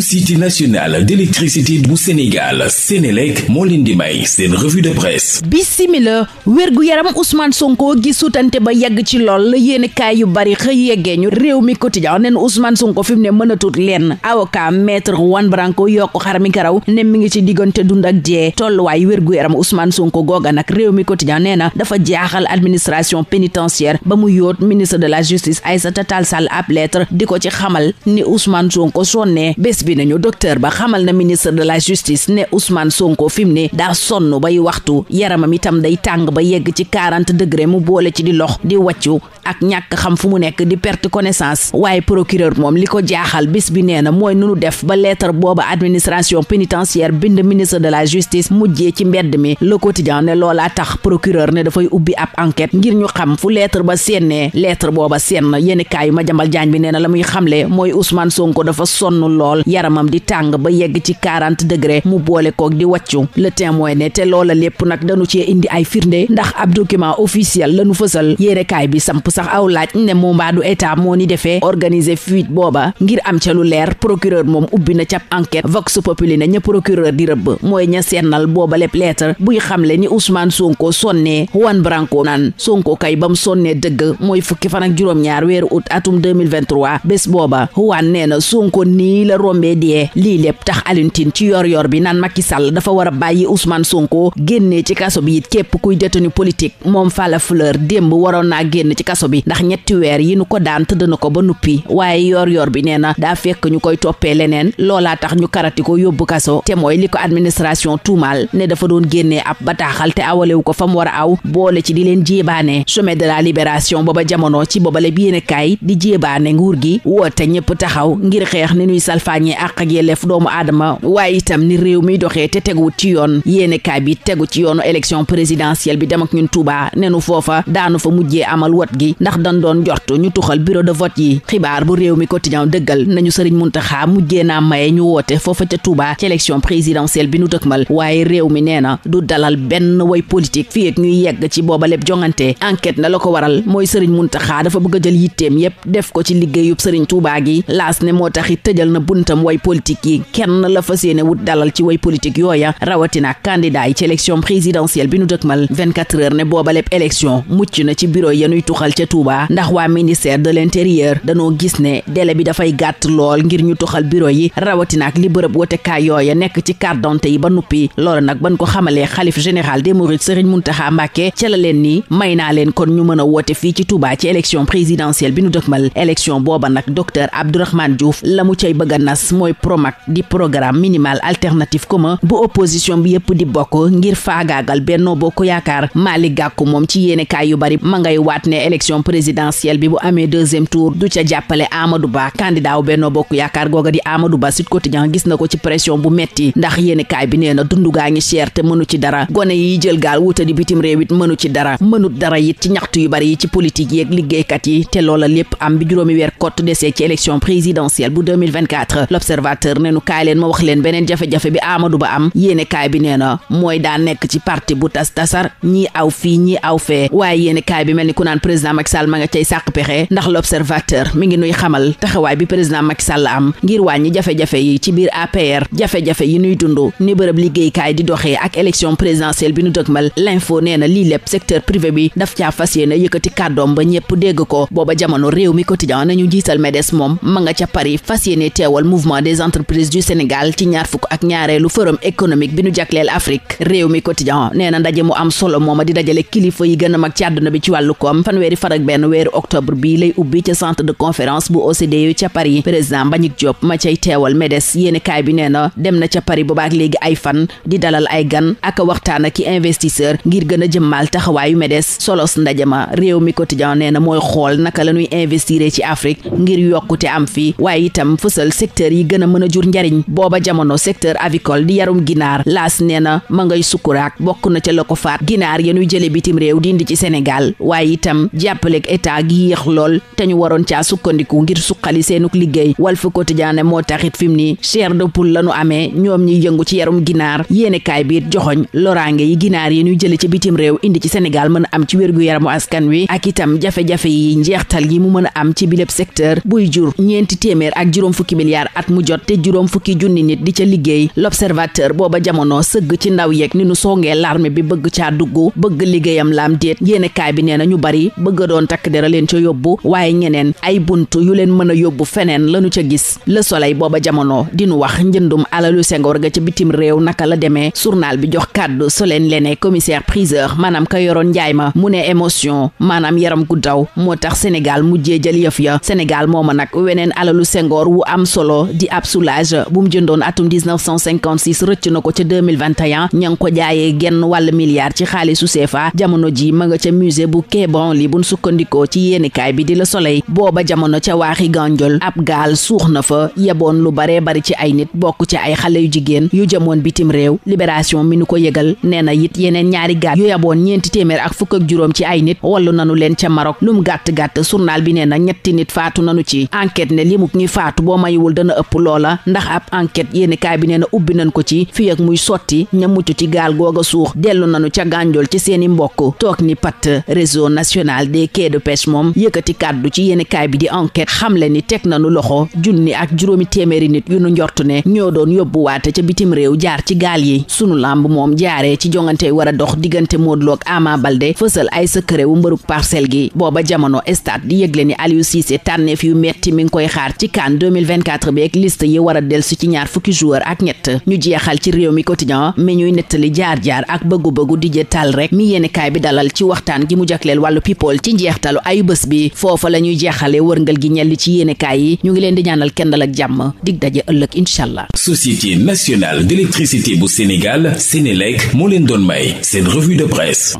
société nationale d'électricité bu Sénégal Sénélec moo leen di may seen revue de presse bisimila wér-gu-yaram Ousmane Sonko gi sutante ba yàgg ci lool yéen kaay yu bari xëy yeggee ñu réew mi quotidien neen Ousmane Sonko fi mu ne mënatut lenn avocat maître Juan Branco yokk xar mi karaw ne mi ngi ci diggante dund ak dee tolluwaay wér-gu-yaram Ousmane Sonko googa nag réew mi quotidien nee na dafa jaaxal administration pénitentiaire ba mu yóot ministre de la justice Aïssata Tall Sall bi nañu docteur ba xamal na ministre de la justice ne Ousmane Sonko fi mu ne daa sonn bay waxtu yaramam itam day tàng ba yegg ci 40 degré mu boole ci di lox di wàccu ak ñàkk xam fu mu nekk di perte connaissance waaye procureur moom li ko jaaxal bés bi nee na mooy nu nu def ba lettre booba administration pénitentiaire bind ministre de la justice mujjee ci mbedd mi le quotidien ne loolaa tax procureur ne dafay ubbi ab enquête ngir ñu xam fu lettre ba seennee lettre booba seen yéeni kaay ma jambal jaañ bi nee na la muy xamle mooy Ousmane Sonko dafa sonn lool yaramam di tàng ba yegg ci 40 degré mu boole koog di wàccu le témoin ne te loola lépp nag danu ci indi ay firnde ndax ab document officiel lañu fësal yéerekaay bi samp sax aw laaj ne moo mbaadu état moo ni defee organiser fuite booba ngir am ca lu leer procureur moom ubbi na cap enquête vox populi ne ña procureur di rëbb mooy ña sennal booba lépp lettre buy le ni Ousmane Sonko sonnee Juan Branco naan Sonko kay bam sonnee dëgg mooy fukki fan ak juróom-ñaar weeru atum 2023 bés booba Juan nee tombee diyee lii lépp tax Alioune Tine ci yor yor bi naan Macky Sall dafa war a bàyyi Ousmane Sonko génnee ci kaso bi it képp kuy détenu politique moom Falla Fleur démb waroon naa génn ci kaso bi ndax ñetti weer yi nu ko daan tëdd na ko ba nuppi waaye yor yor bi nee na daa fekk ñu koy toppee leneen loolaa tax ñu karati ko yóbbu kaso te mooy li ko administration tuumaal ne dafa doon génnee ab bataaxal te awalewu ko fam war a aw boole ci di leen jéebaane chemin de la libération booba jamono ci boobale bi ŋàññee àq ak yelleef doomu aadama waaye itam ni réew mi doxee te teguwut ci yoon yéene kaay bi tegu ci yoonu élection présidentielle bi dem ak ñun ne nenu foofa daanu fa mujjee amal wot gi ndax dan doon jortu ñu tuxal bureau de vote yi xibaar bu réew mi quotidien dëggal nañu sëriñ xaa mujjee naa maye ñu woote foofa ca Touba ci élection présidentielle bi nu mal waaye réew mi nee na du dalal benn way politique fii ak ñuy yegg ci booba lépp jongante enquête na la ko waral mooy sëriñ Muntaxa dafa bëgg a jël yitteem yépp def ko ci liggéeyub sëriñ Touba gi gëm way politique yi kenn la fas yéene wut dalal ci way politique yooya rawatina candidat yi ci élection présidentielle bi nu dëkkmal 24 heures ne boobaleb élection mucc na ci bureau yanuy tuxal ca Touba ndax waa ministère de l'intérieur danoo gis ne délai bi dafay gàtt lool ngir ñu tuxal bureau yi rawatina ak li bërëb wotekaay yooya nekk ci carte d'identité ba nuppi nag ban ko xamalee xalif général des mourides Serigne Mountakha Mbacké ca la leen ni may naa leen kon ñu mën a woote fii ci Touba ci élection présidentielle bi nu dëkkmal élection booba nag docteur Abdourahmane Diouf la mu cay bëgg a nas bees mooy PROMAC di programme minimal alternatif commun bu opposition bi yëpp di bokk ngir faagaagal benn Bokk Yaakaar Malick Gakou moom ci yéenekaay yu bari ma ngay waat ne élection présidentielle bi bu amee deuxième tour du ca jàppale Amadou Ba candidat wu Benno Bokk Yaakaar googa di Amadou Ba Sud Quotidien gis na ko ci pression bu metti ndax yéenekaay bi nee na dundu gaa ngi cher te mënu ci dara gone yi jël gaal wuta di bitim réew it mënu ci dara mënut dara it ci ñaxtu yu bari yi ci politique yeeg liggéeykat yi te loola lépp am bi juróomi weer kott desee ci élection présidentielle bu l'observateur ne nu kaay leen ma wax leen beneen jafe-jafe bi Amadou parti bu tas tasar fii ñii aw fee waaye yéene kaay bi mel ni ku naan président Macky Sall ma nga cay sàq pexe ndax l'observateur mi ngi nuy xamal taxawaay bi président Macky Sall am ngir wàññi jafe yi ci biir APR jafe-jafe yi nuy dund ni bërëb liggéeykaay di doxee ak élection présidentielle bi nu dëgmal l'info nee na lii lépp secteur privé bi daf caa fas yéene yëkkati kàddoom ba ñëpp dégg ko booba jamono réew mi quotidien nañu njiital MEDES moom ma nga ca Paris fas yéene teewal mouvement mouvement des entreprises du Sénégal ci ñaar fukk ak ñaareelu forum économique bi nu jagleel Afrique réew mi quotidien nee na ndaje mu am solo mooma di dajale kilifa yi gën a mag ci àdduna bi ci wàllu koom fanweeri farag benn weeru octobre bi lay ubbi ca centre de conférence bu OCDE ca Paris président Mbagnick Diop ma cay teewal MEDES yéeni kaay bi neena dem na ca Paris boobaak léegi ay fan di dalal ay gan ak waxtaan ak investisseur ngir gën a jëmmaal taxawaayu MEDES solos ndaje ma réew mi quotidien nee na mooy xool naka la ñuy investir ci Afrique ngir yokkute am fi waaye yi gën a mën a jur njariñ booba jamono secteur avicole di yarum ginaar laas nee na ma ngay sukkuraak bokk na ca la ko faat ginaar yenuy jële bitim réew dindi ci Sénégal waaye itam jàppaleeg état gi yéex lool te waroon caa sukkandiku ngir suqali seenuk liggéey Walf Quotidien moo taxit fi mu ni chair de poule lañu amee ñoom ñi yëngu ci yarum ginaar yéene kaay biir joxoñ loraange yi ginaar yi ñuy jële ci bitim réew indi ci Sénégal mën a am ci wér-gu-yaramu askan wi ak itam jafe-jafe yi njeextal yi mu mën a am ci bileb secteur buy jur ñeenti téeméer ak juróom fukki milliards at mu jot te juróom fukki junni nit di ca liggéey l'observateur booba jamono sëgg ci ndaw yeeg ni nu songee l'armée bi bëgg caa dugg bëgg liggéeyam laam déet yéene kaay bi nee na ñu bari bëgg doon takk dera leen ca yóbbu waaye ñeneen ay bunt yu leen mën a yóbbu feneen lañu ca gis le soleil booba jamono di nu wax njëndum alalu sengoor ga ca bitim réew naka la demee journal bi jox kàddu soleen lene commissaire priseur maanaam ka yoroon njaay ma mu ne émotion maanaam yaram gu daw moo tax Sénégal mujjee jël yëf ya Sénégal mooma nag weneen alalu Senghor am solo ko di ab soulage bu mu jëndoon atum 1956 rëcc na ko ca 2021 ña ngi ko jaayee genn wàll milliard ci xaalisu CFA jamono ji ma nga ca musée bu Quai Branly buñ sukkandikoo ci yéenikaay bi di Le Soleil booba jamono ca waaxi gànjol ab gaal suux na fa yeboon lu baree bari ci ay nit bokk ci ay xale yu jigéen yu jëmoon bitim réew libération mi nu ko yëgal nee na it yeneen ñaari gaal yu yeboon ñeenti téeméer ak fukk ak juróom ci ay nit wallu nanu leen ca Maroc lum gàtt-gàtt journal bi nee na ñetti nit faatu nanu ci la ëpp loola ndax ab enquête yéeni bi nee na ubbi nañ ko ci fi ak muy sotti ña mucc ci gaal googa suux dellu na nañu ca gànjol ci seeni mbokk toog ni pat réseau national de quais de moom yëkkati kàddu ci yéeni kaay bi di enquête xamle ni teg nañu loxo junni ak juróomi téeméeri nit yu nu njort ne ñoo doon yóbbuwaate ca bitim réew jaar ci gaal yi sunu lamb moom jaaree ci jongante war a dox diggante Modou Lo ak Ama Baldé fësal ay secret wu mbëruk gi booba jamono stade di yëgle ni Aliou Cissé tànneef yu metti mi ngi beeg liste yi war a delsi ci ñaar fukki joueur ak ñett ñu jeexal ci réew mi quotidien mi ñuy nettali jaar-jaar ak bëggu-bëggu Didier Tall rek mi yéenekaay bi dalal ci waxtaan gi mu jagleel wàllu people ci njeextalu ayu bés bi foofa la ñuy jeexale wërngal gi ñelli ci yéenekaay yi ñu ngi leen di ñaanal kendal ak jàmm dig daje ëllëg incha allah société nationale d'électricité bu Sénégal Sénélec moo leen doon may seen revue de presse